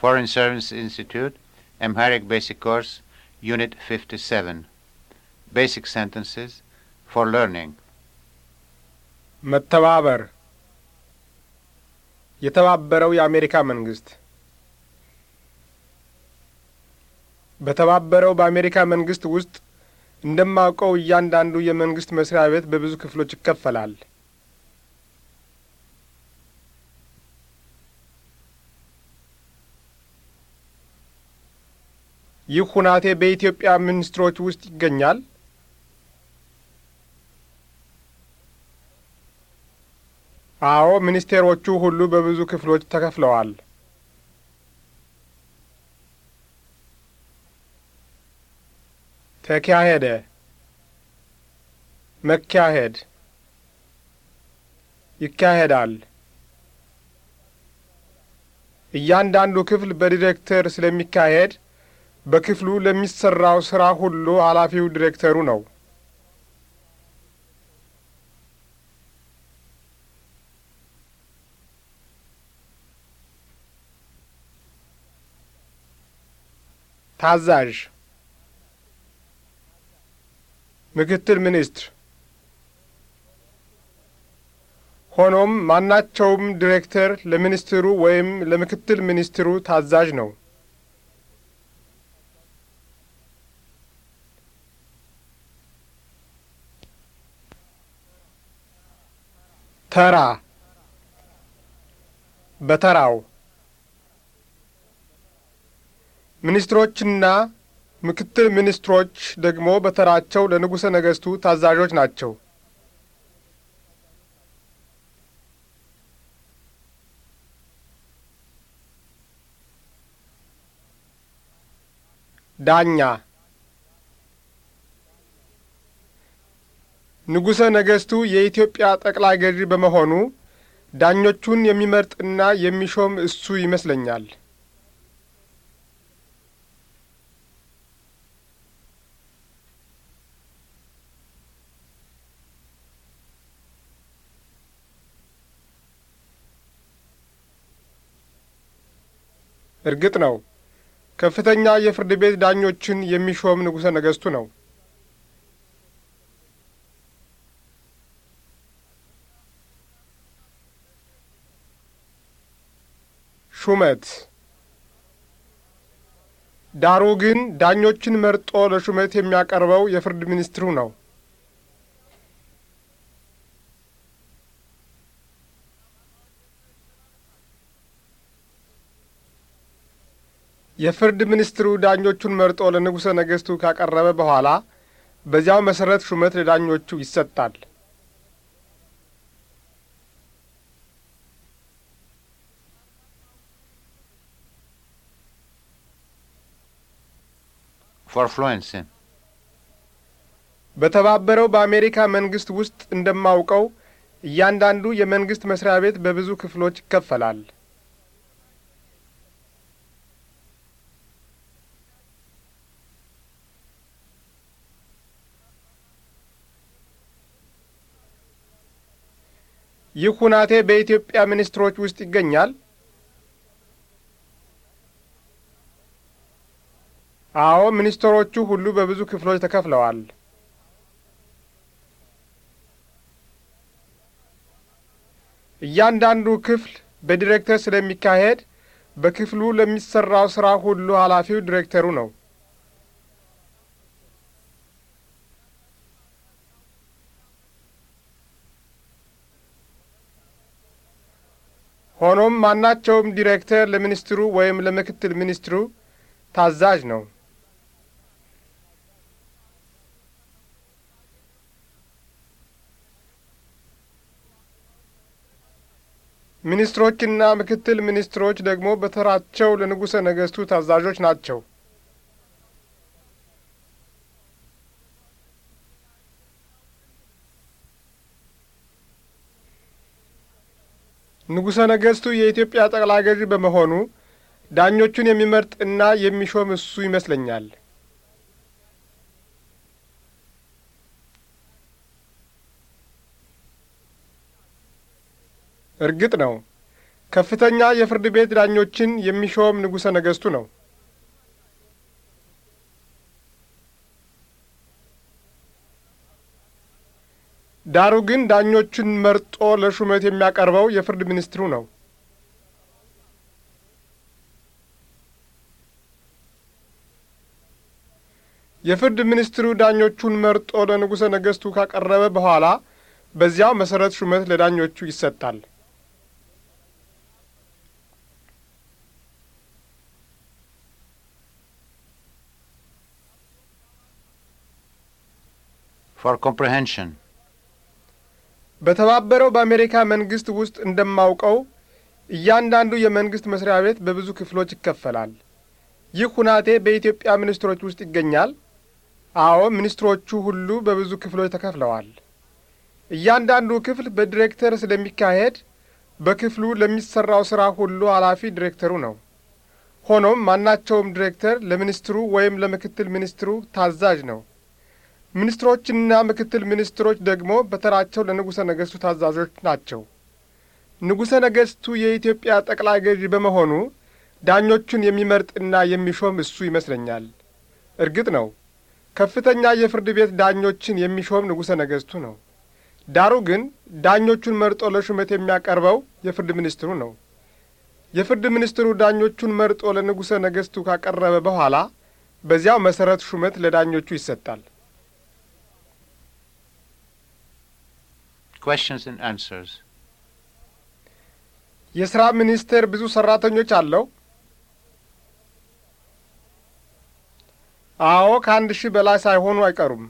Foreign Service Institute, Amharic Basic Course, Unit 57. Basic Sentences for Learning. መተባበር የተባበረው የአሜሪካ መንግስት በተባበረው በአሜሪካ መንግስት ውስጥ እንደማውቀው እያንዳንዱ የመንግስት መስሪያ ቤት በብዙ ክፍሎች ይከፈላል። ይህ ሁናቴ በኢትዮጵያ ሚኒስትሮች ውስጥ ይገኛል? አዎ፣ ሚኒስቴሮቹ ሁሉ በብዙ ክፍሎች ተከፍለዋል። ተካሄደ፣ መካሄድ፣ ይካሄዳል። እያንዳንዱ ክፍል በዲሬክተር ስለሚካሄድ በክፍሉ ለሚሰራው ስራ ሁሉ ኃላፊው ዲሬክተሩ ነው። ታዛዥ፣ ምክትል ሚኒስትር። ሆኖም ማናቸውም ዲሬክተር ለሚኒስትሩ ወይም ለምክትል ሚኒስትሩ ታዛዥ ነው። ተራ በተራው ሚኒስትሮችና ምክትል ሚኒስትሮች ደግሞ በተራቸው ለንጉሠ ነገሥቱ ታዛዦች ናቸው። ዳኛ ንጉሠ ነገሥቱ የኢትዮጵያ ጠቅላይ ገዢ በመሆኑ ዳኞቹን የሚመርጥና የሚሾም እሱ ይመስለኛል። እርግጥ ነው ከፍተኛ የፍርድ ቤት ዳኞችን የሚሾም ንጉሠ ነገሥቱ ነው። ሹመት ዳሩ ግን ዳኞችን መርጦ ለሹመት የሚያቀርበው የፍርድ ሚኒስትሩ ነው። የፍርድ ሚኒስትሩ ዳኞቹን መርጦ ለንጉሠ ነገሥቱ ካቀረበ በኋላ በዚያው መሠረት ሹመት ለዳኞቹ ይሰጣል። በተባበረው በአሜሪካ መንግስት ውስጥ እንደማውቀው እያንዳንዱ የመንግስት መስሪያ ቤት በብዙ ክፍሎች ይከፈላል። ይህ ሁናቴ በኢትዮጵያ ሚኒስትሮች ውስጥ ይገኛል? አዎ፣ ሚኒስትሮቹ ሁሉ በብዙ ክፍሎች ተከፍለዋል። እያንዳንዱ ክፍል በዲሬክተር ስለሚካሄድ በክፍሉ ለሚሰራው ስራ ሁሉ ኃላፊው ዲሬክተሩ ነው። ሆኖም ማናቸውም ዲሬክተር ለሚኒስትሩ ወይም ለምክትል ሚኒስትሩ ታዛዥ ነው። ሚኒስትሮችና ምክትል ሚኒስትሮች ደግሞ በተራቸው ለንጉሠ ነገሥቱ ታዛዦች ናቸው። ንጉሠ ነገሥቱ የኢትዮጵያ ጠቅላይ ገዢ በመሆኑ ዳኞቹን የሚመርጥ እና የሚሾም እሱ ይመስለኛል። እርግጥ ነው ከፍተኛ የፍርድ ቤት ዳኞችን የሚሾም ንጉሠ ነገሥቱ ነው። ዳሩ ግን ዳኞቹን መርጦ ለሹመት የሚያቀርበው የፍርድ ሚኒስትሩ ነው። የፍርድ ሚኒስትሩ ዳኞቹን መርጦ ለንጉሠ ነገሥቱ ካቀረበ በኋላ በዚያው መሠረት ሹመት ለዳኞቹ ይሰጣል። for comprehension. በተባበረው በአሜሪካ መንግስት ውስጥ እንደማውቀው እያንዳንዱ የመንግስት መስሪያ ቤት በብዙ ክፍሎች ይከፈላል። ይህ ሁናቴ በኢትዮጵያ ሚኒስትሮች ውስጥ ይገኛል? አዎ፣ ሚኒስትሮቹ ሁሉ በብዙ ክፍሎች ተከፍለዋል። እያንዳንዱ ክፍል በዲሬክተር ስለሚካሄድ በክፍሉ ለሚሰራው ሥራ ሁሉ ኃላፊ ዲሬክተሩ ነው። ሆኖም ማናቸውም ዲሬክተር ለሚኒስትሩ ወይም ለምክትል ሚኒስትሩ ታዛዥ ነው። ሚኒስትሮችና ምክትል ሚኒስትሮች ደግሞ በተራቸው ለንጉሠ ነገሥቱ ታዛዦች ናቸው። ንጉሠ ነገሥቱ የኢትዮጵያ ጠቅላይ ገዢ በመሆኑ ዳኞቹን የሚመርጥና የሚሾም እሱ ይመስለኛል። እርግጥ ነው ከፍተኛ የፍርድ ቤት ዳኞችን የሚሾም ንጉሠ ነገሥቱ ነው። ዳሩ ግን ዳኞቹን መርጦ ለሹመት የሚያቀርበው የፍርድ ሚኒስትሩ ነው። የፍርድ ሚኒስትሩ ዳኞቹን መርጦ ለንጉሠ ነገሥቱ ካቀረበ በኋላ በዚያው መሠረት ሹመት ለዳኞቹ ይሰጣል። የስራ ሚኒስቴር ብዙ ሰራተኞች አለው? አዎ፣ ከአንድ ሺህ በላይ ሳይሆኑ አይቀሩም።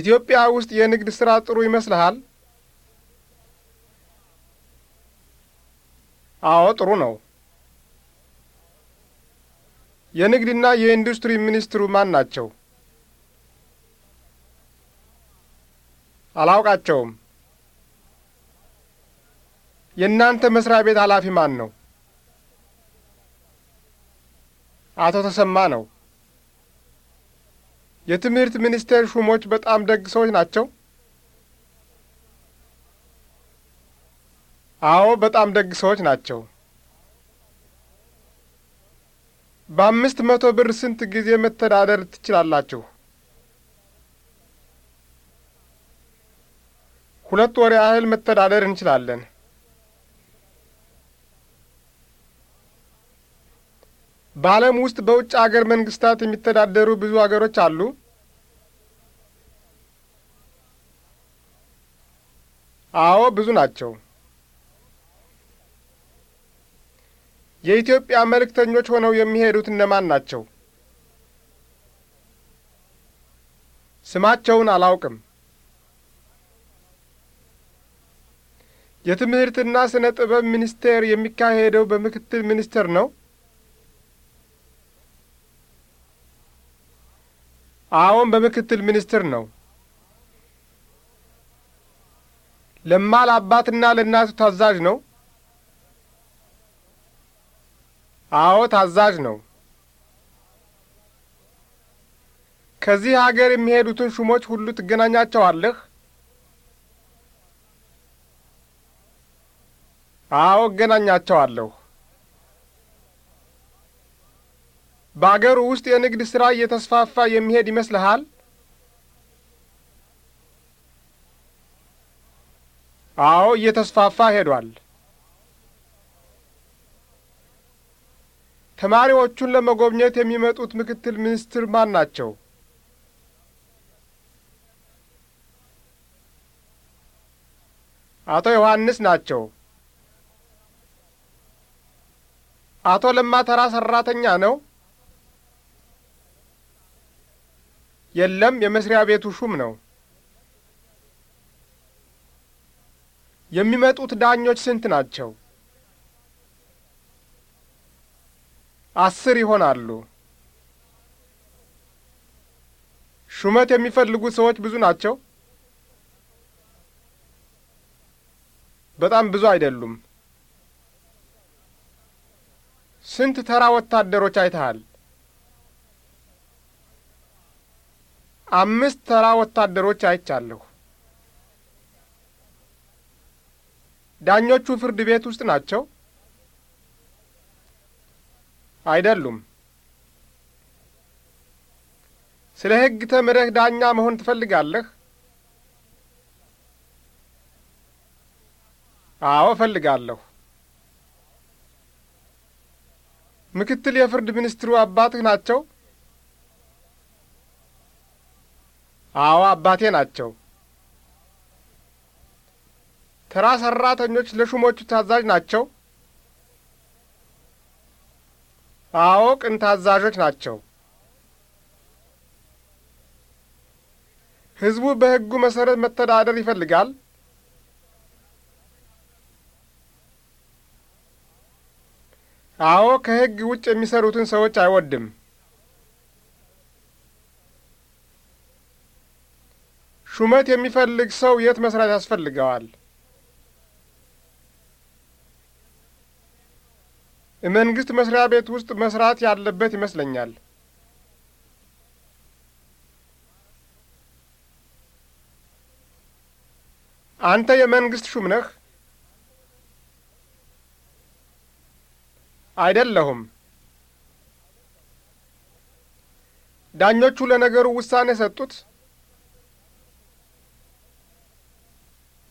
ኢትዮጵያ ውስጥ የንግድ ስራ ጥሩ ይመስልሃል? አዎ፣ ጥሩ ነው። የንግድና የኢንዱስትሪ ሚኒስትሩ ማን ናቸው? አላውቃቸውም። የእናንተ መስሪያ ቤት ኃላፊ ማን ነው? አቶ ተሰማ ነው። የትምህርት ሚኒስቴር ሹሞች በጣም ደግ ሰዎች ናቸው? አዎ፣ በጣም ደግ ሰዎች ናቸው። በአምስት መቶ ብር ስንት ጊዜ መተዳደር ትችላላችሁ? ሁለት ወር ያህል መተዳደር እንችላለን። በዓለም ውስጥ በውጭ አገር መንግስታት የሚተዳደሩ ብዙ አገሮች አሉ። አዎ፣ ብዙ ናቸው። የኢትዮጵያ መልእክተኞች ሆነው የሚሄዱት እነማን ናቸው? ስማቸውን አላውቅም። የትምህርትና ስነ ጥበብ ሚኒስቴር የሚካሄደው በምክትል ሚኒስትር ነው? አዎን፣ በምክትል ሚኒስትር ነው። ለማ ለአባትና ለእናቱ ታዛዥ ነው? አዎ፣ ታዛዥ ነው። ከዚህ አገር የሚሄዱትን ሹሞች ሁሉ ትገናኛቸዋለህ? አዎ እገናኛቸዋለሁ። በአገሩ ውስጥ የንግድ ሥራ እየተስፋፋ የሚሄድ ይመስልሃል? አዎ እየተስፋፋ ሄዷል። ተማሪዎቹን ለመጎብኘት የሚመጡት ምክትል ሚኒስትር ማን ናቸው? አቶ ዮሐንስ ናቸው። አቶ ለማ ተራ ሰራተኛ ነው? የለም፣ የመስሪያ ቤቱ ሹም ነው። የሚመጡት ዳኞች ስንት ናቸው? አስር ይሆናሉ። ሹመት የሚፈልጉ ሰዎች ብዙ ናቸው? በጣም ብዙ አይደሉም። ስንት ተራ ወታደሮች አይተሃል? አምስት ተራ ወታደሮች አይቻለሁ። ዳኞቹ ፍርድ ቤት ውስጥ ናቸው? አይደሉም። ስለ ሕግ ተምረህ ዳኛ መሆን ትፈልጋለህ? አዎ እፈልጋለሁ። ምክትል የፍርድ ሚኒስትሩ አባትህ ናቸው? አዎ አባቴ ናቸው። ተራ ሰራተኞች ለሹሞቹ ታዛዥ ናቸው? አዎ ቅን ታዛዦች ናቸው። ሕዝቡ በሕጉ መሠረት መተዳደር ይፈልጋል? አዎ ከሕግ ውጭ የሚሰሩትን ሰዎች አይወድም። ሹመት የሚፈልግ ሰው የት መስራት ያስፈልገዋል? መንግስት መስሪያ ቤት ውስጥ መስራት ያለበት ይመስለኛል። አንተ የመንግስት ሹም ነህ? አይደለሁም። ዳኞቹ ለነገሩ ውሳኔ ሰጡት?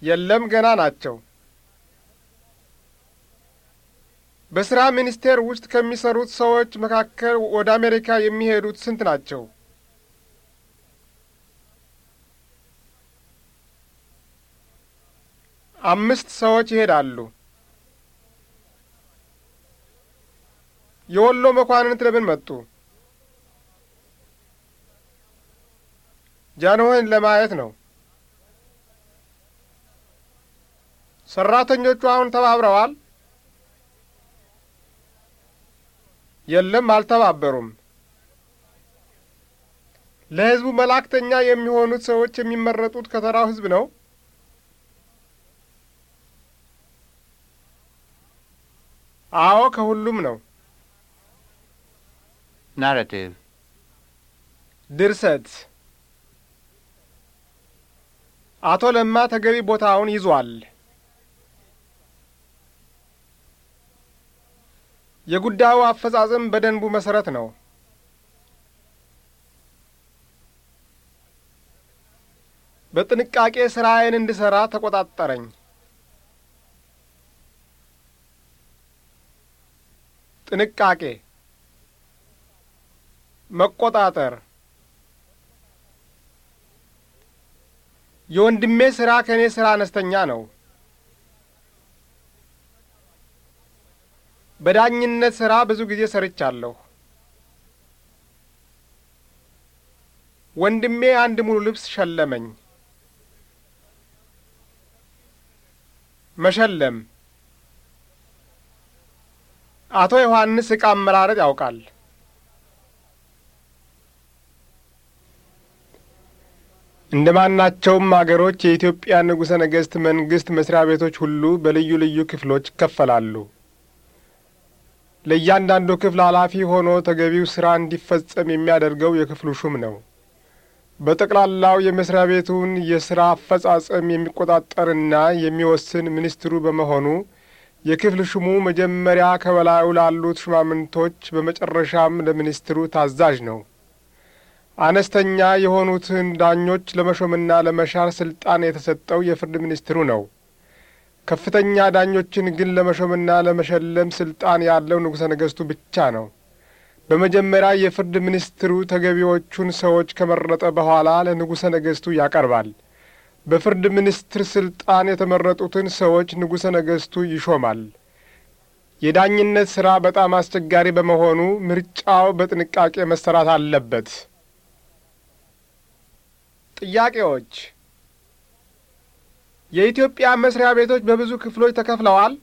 የለም፣ ገና ናቸው። በስራ ሚኒስቴር ውስጥ ከሚሰሩት ሰዎች መካከል ወደ አሜሪካ የሚሄዱት ስንት ናቸው? አምስት ሰዎች ይሄዳሉ። የወሎ መኳንንት ለምን መጡ? ጃንሆይን ለማየት ነው። ሰራተኞቹ አሁን ተባብረዋል? የለም፣ አልተባበሩም። ለሕዝቡ መላእክተኛ የሚሆኑት ሰዎች የሚመረጡት ከተራው ሕዝብ ነው። አዎ፣ ከሁሉም ነው። ናራቲቭ ድርሰት አቶ ለማ ተገቢ ቦታውን ይዟል። የጉዳዩ አፈጻጸም በደንቡ መሰረት ነው። በጥንቃቄ ስራዬን እንድሰራ ተቆጣጠረኝ። ጥንቃቄ መቆጣጠር የወንድሜ ሥራ ከእኔ ሥራ አነስተኛ ነው። በዳኝነት ሥራ ብዙ ጊዜ ሰርቻለሁ። ወንድሜ አንድ ሙሉ ልብስ ሸለመኝ። መሸለም አቶ ዮሐንስ ዕቃ አመራረጥ ያውቃል። እንደ ማናቸውም አገሮች የኢትዮጵያ ንጉሠ ነገሥት መንግሥት መስሪያ ቤቶች ሁሉ በልዩ ልዩ ክፍሎች ይከፈላሉ። ለእያንዳንዱ ክፍል ኃላፊ ሆኖ ተገቢው ሥራ እንዲፈጸም የሚያደርገው የክፍሉ ሹም ነው። በጠቅላላው የመስሪያ ቤቱን የሥራ አፈጻጸም የሚቆጣጠርና የሚወስን ሚኒስትሩ በመሆኑ የክፍል ሹሙ መጀመሪያ ከበላዩ ላሉት ሹማምንቶች በመጨረሻም ለሚኒስትሩ ታዛዥ ነው። አነስተኛ የሆኑትን ዳኞች ለመሾምና ለመሻር ስልጣን የተሰጠው የፍርድ ሚኒስትሩ ነው። ከፍተኛ ዳኞችን ግን ለመሾምና ለመሸለም ስልጣን ያለው ንጉሠ ነገሥቱ ብቻ ነው። በመጀመሪያ የፍርድ ሚኒስትሩ ተገቢዎቹን ሰዎች ከመረጠ በኋላ ለንጉሠ ነገሥቱ ያቀርባል። በፍርድ ሚኒስትር ስልጣን የተመረጡትን ሰዎች ንጉሠ ነገሥቱ ይሾማል። የዳኝነት ሥራ በጣም አስቸጋሪ በመሆኑ ምርጫው በጥንቃቄ መሰራት አለበት። ጥያቄዎች የኢትዮጵያ መስሪያ ቤቶች በብዙ ክፍሎች ተከፍለዋል።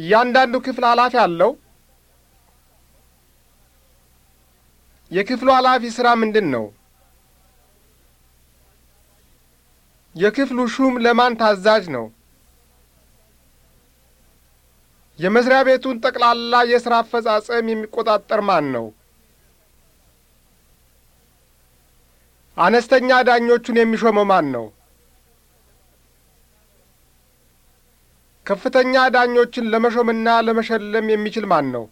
እያንዳንዱ ክፍል ኃላፊ አለው። የክፍሉ ኃላፊ ሥራ ምንድን ነው? የክፍሉ ሹም ለማን ታዛዥ ነው? የመስሪያ ቤቱን ጠቅላላ የሥራ አፈጻጸም የሚቆጣጠር ማን ነው? አነስተኛ ዳኞቹን የሚሾመው ማን ነው? ከፍተኛ ዳኞችን ለመሾምና ለመሸለም የሚችል ማን ነው?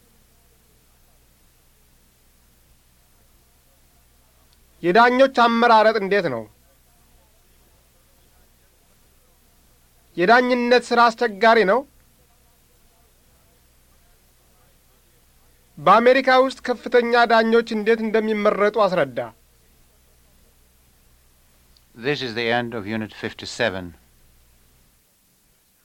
የዳኞች አመራረጥ እንዴት ነው? የዳኝነት ሥራ አስቸጋሪ ነው? በአሜሪካ ውስጥ ከፍተኛ ዳኞች እንዴት እንደሚመረጡ አስረዳ። This is the end of Unit 57.